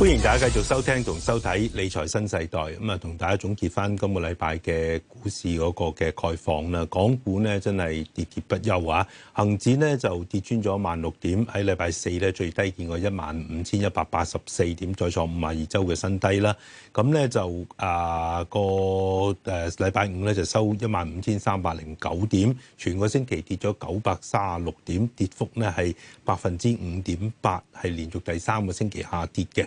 歡迎大家繼續收聽同收睇《理財新世代》，咁啊，同、嗯、大家總結翻今個禮拜嘅股市嗰個嘅概況啦。港股咧真係跌跌不休啊！恒指咧就跌穿咗萬六點，喺禮拜四咧最低見過一萬五千一百八十四點，再創五十二周嘅新低啦。咁咧就啊個誒禮、呃、拜五咧就收一萬五千三百零九點，全個星期跌咗九百三十六點，跌幅咧係百分之五點八，係連續第三個星期下跌嘅。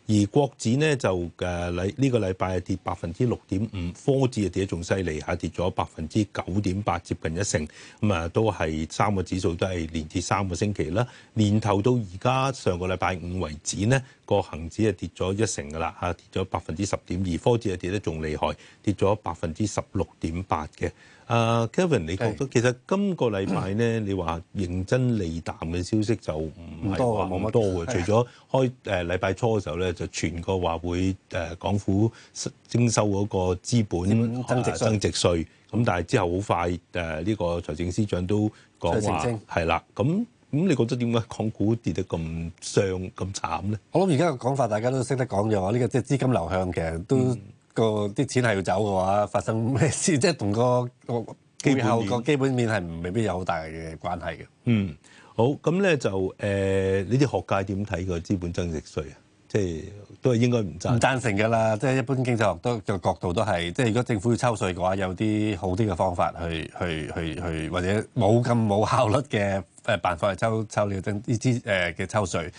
而國指咧就誒禮呢個禮拜係跌百分之六點五，科指啊跌得仲犀利，下跌咗百分之九點八，接近一成。咁、嗯、啊都係三個指數都係連跌三個星期啦。年頭到而家上個禮拜五為止呢個恒指啊跌咗一成㗎喇，下跌咗百分之十點二，科指啊跌得仲厲害，跌咗百分之十六點八嘅。啊、uh, Kevin，你覺得其實今個禮拜咧，你話認真利淡嘅消息就唔多冇乜多嘅，除咗開誒禮拜初嘅時候咧。就全個話會誒、呃、港府徵收嗰個資本，資本增值稅、啊、增值稅，咁、嗯、但係之後好快誒呢、呃呢個財政司長都講話係啦。咁咁你覺得點解港股跌得咁傷咁慘咧？我諗而家嘅講法大家都識得講嘅話，呢、呢個即係資金流向其實都、嗯、個啲錢係要走嘅話，發生咩事即係同個，個後個基本面係未必有好大嘅關係嘅、嗯。嗯，好咁咧就誒、呃，你啲學界點睇個資本增值稅啊？即係都係應該唔贊唔贊成㗎啦！即係一般經濟學都嘅角度都係，即係如果政府要抽稅嘅話，有啲好啲嘅方法去去去去，或者冇咁冇效率嘅誒辦法去抽抽呢啲啲嘅抽稅。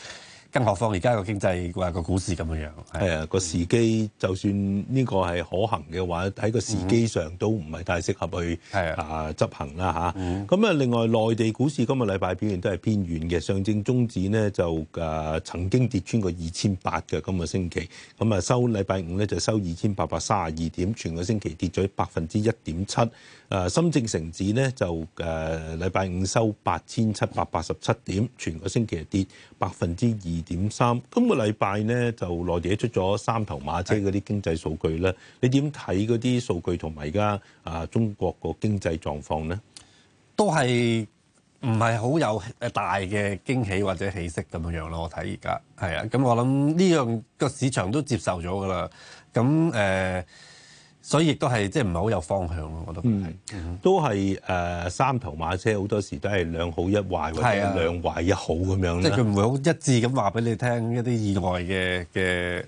更何況而家個經濟話個股市咁樣，係啊個、嗯、時機，就算呢個係可行嘅話，喺個時機上都唔係太適合去係、嗯、啊執行啦嚇。咁、嗯、啊，另外內地股市今日禮拜表現都係偏軟嘅，上證綜指呢就誒、呃、曾經跌穿過二千八嘅今個星期，咁啊收禮拜五咧就收二千八百三十二點，全個星期跌咗百分之一點七。誒、呃、深證成指呢，就誒禮拜五收八千七百八十七點，全個星期跌百分之二。點三。今個禮拜咧就內地出咗三頭馬車嗰啲經濟數據咧，是的 你點睇嗰啲數據同埋而家啊中國個經濟狀況咧？都係唔係好有誒大嘅驚喜或者喜色咁樣咯？我睇而家係啊，咁我諗呢樣個市場都接受咗噶啦。咁誒。呃所以亦都係即係唔係好有方向咯，我都覺得係、嗯，都係誒、呃、三頭馬車，好多時都係兩好一壞或者兩壞一好咁樣。嗯、即係佢唔會好一致咁話俾你聽一啲意外嘅嘅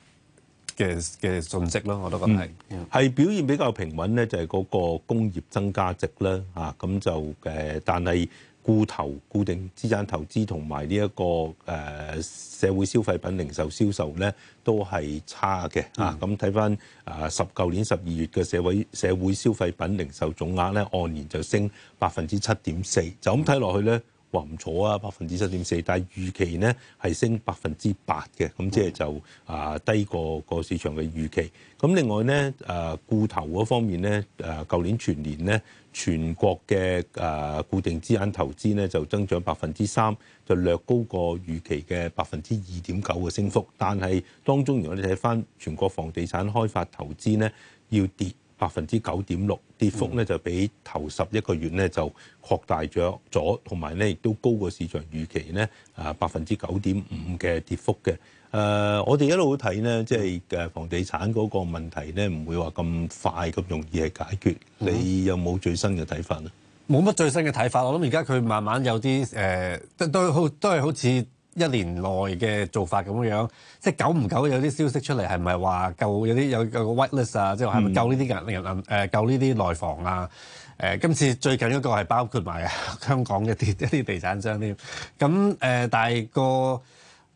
嘅嘅信息咯，我都覺得係係、嗯嗯、表現比較平穩咧，就係、是、嗰個工業增加值啦。啊，咁就誒，但係。固投，固定資產投資同埋呢一個誒、呃、社會消費品零售銷售咧都係差嘅、嗯、啊！咁睇翻啊十九年十二月嘅社會社會消費品零售總額咧，按年就升百分之七點四，就咁睇落去咧。嗯話唔錯啊，百分之七點四，但係預期呢係升百分之八嘅，咁即係就啊低過個市場嘅預期。咁另外呢，誒固投嗰方面呢，誒舊年全年呢，全國嘅誒固定資產投資呢就增長百分之三，就略高過預期嘅百分之二點九嘅升幅。但係當中如果你睇返全國房地產開發投資呢，要跌。百分之九點六跌幅咧，就比頭十一個月咧就擴大咗咗，同埋咧亦都高過市場預期咧啊百分之九點五嘅跌幅嘅。誒、呃，我哋一路睇咧，即係誒房地產嗰個問題咧，唔會話咁快咁容易去解決。你有冇最新嘅睇法咧？冇乜最新嘅睇法，我諗而家佢慢慢有啲誒、呃，都都好都係好似。一年內嘅做法咁樣，即係久唔久有啲消息出嚟，係咪話救有啲有有個 white list 啊？嗯、即係係咪救呢啲人？人誒救呢啲內房啊？誒、呃、今次最近一個係包括埋香港一啲一啲地產商添。咁誒、呃，但係個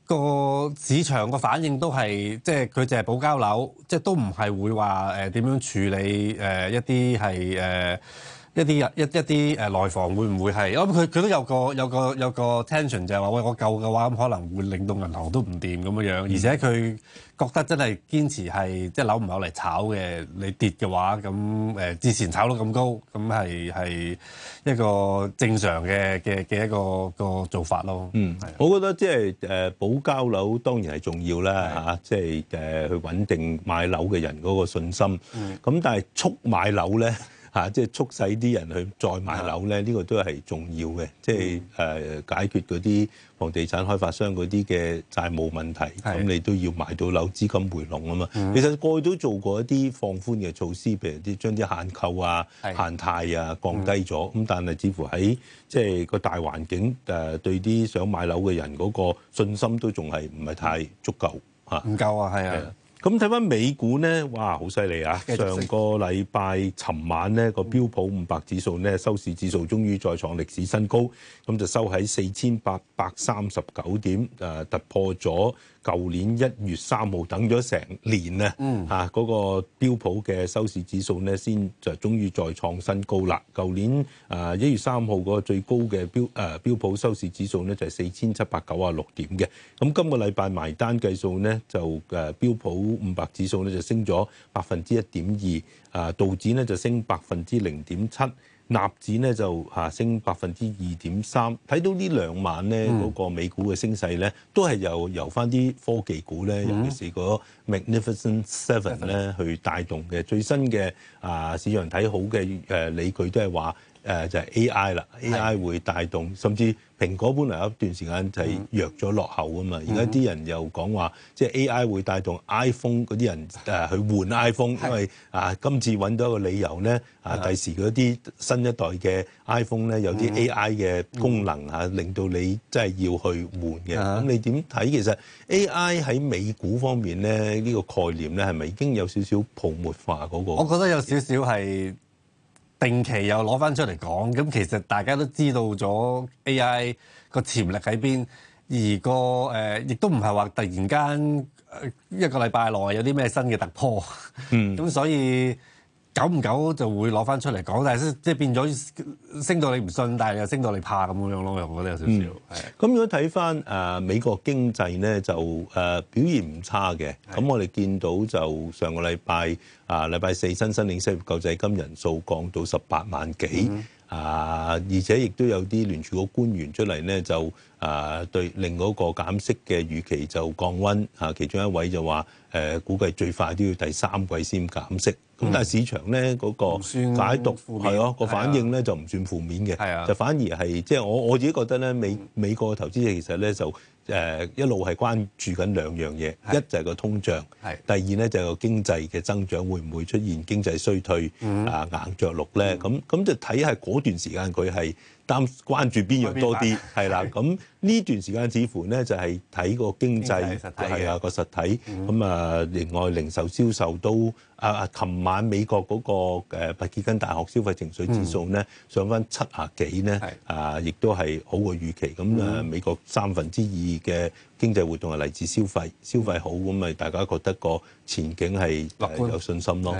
個市場個反應都係，即係佢淨係補交樓，即係都唔係會話誒點樣處理誒、呃、一啲係誒。呃一啲啊一一啲誒內房會唔會係咁，佢佢都有個有個有個 tension，就係話喂，我夠嘅話，咁可能會令到銀行都唔掂咁樣樣，而且佢覺得真係堅持係即係樓唔係攞嚟炒嘅，你跌嘅話咁誒之前炒到咁高咁係係一個正常嘅嘅嘅一個個做法咯。嗯，我覺得即係誒保交樓當然係重要啦嚇，即係誒去穩定買樓嘅人嗰個信心。咁但係促買樓咧。嚇，即係促使啲人去再買樓咧，呢、這個都係重要嘅，嗯、即係誒、呃、解決嗰啲房地產開發商嗰啲嘅債務問題，咁是你都要買到樓，資金回籠啊嘛。嗯、其實過去都做過一啲放寬嘅措施，譬如啲將啲限購啊、是限貸啊降低咗，咁、嗯、但係似乎喺即係個大環境誒對啲想買樓嘅人嗰個信心都仲係唔係太足夠嚇？唔、嗯、夠啊，係啊。嗯嗯咁睇翻美股咧，哇，好犀利啊！上個禮拜尋晚咧，個標普五百指數咧收市指數終於再創歷史新高，咁就收喺四千八百三十九點，誒、啊、突破咗舊年一月三號等咗成年、嗯、啊，嚇、那、嗰個標普嘅收市指數咧，先就終於再創新高啦！舊年誒一月三號嗰個最高嘅標誒、呃、標普收市指數咧就係四千七百九十六點嘅，咁今個禮拜埋單計數咧就誒、呃、標普。五百指數咧就升咗百分之一點二，啊道指咧就升百分之零點七，納指咧就啊升百分之二點三。睇到呢兩晚咧，嗰個美股嘅升勢咧，都係由由翻啲科技股咧，尤其是個 Magnificent Seven 咧去帶動嘅。最新嘅啊市場睇好嘅誒理據都係話。誒就係 AI 啦，AI 會帶動，是甚至蘋果本來有一段時間就係弱咗落後啊嘛，而家啲人又講話，即、就、係、是、AI 會帶動 iPhone 嗰啲人誒去換 iPhone，是因為啊今次揾到一個理由咧，啊第時嗰啲新一代嘅 iPhone 咧有啲 AI 嘅功能嚇，嗯啊嗯、令到你真係要去換嘅。咁、嗯、你點睇？其實 AI 喺美股方面咧，呢、這個概念咧係咪已經有少少泡沫化嗰、那個？我覺得有少少係。定期又攞翻出嚟講，咁其實大家都知道咗 AI 個潛力喺邊，而個誒、呃、亦都唔係話突然間一個禮拜內有啲咩新嘅突破，嗯，咁所以。久唔久就會攞翻出嚟講，但係即係變咗升到你唔信，但係又升到你怕咁樣咯，我覺得有少少。咁、嗯、是如果睇翻誒美國經濟咧，就誒表現唔差嘅。咁是我哋見到就上個禮拜啊，禮拜四新申領失業救濟金人數降到十八萬幾。嗯啊！而且亦都有啲聯儲局官員出嚟咧，就啊對另一個減息嘅預期就降溫。啊，其中一位就話：誒、呃，估計最快都要第三季先減息。咁、嗯、但係市場咧嗰、那個解讀係哦個反應咧、啊、就唔算負面嘅，啊、就反而係即係我我自己覺得咧美美國嘅投資者其實咧就。嗯嗯誒、呃、一路係關注緊兩樣嘢，是一就係個通脹，是第二咧就係個經濟嘅增長會唔會出現經濟衰退、嗯、啊硬着陸咧？咁咁、嗯、就睇係嗰段時間佢係。擔關注邊樣多啲係啦，咁呢段時間似乎咧就係睇個經濟係啊個實體，咁啊另外零售銷售都啊啊，琴晚美國嗰個誒密西根大學消費情緒指數咧上返七啊幾咧，啊亦都係好過預期，咁啊美國三分之二嘅經濟活動係嚟自消費，消費好咁咪大家覺得個前景係有信心咯。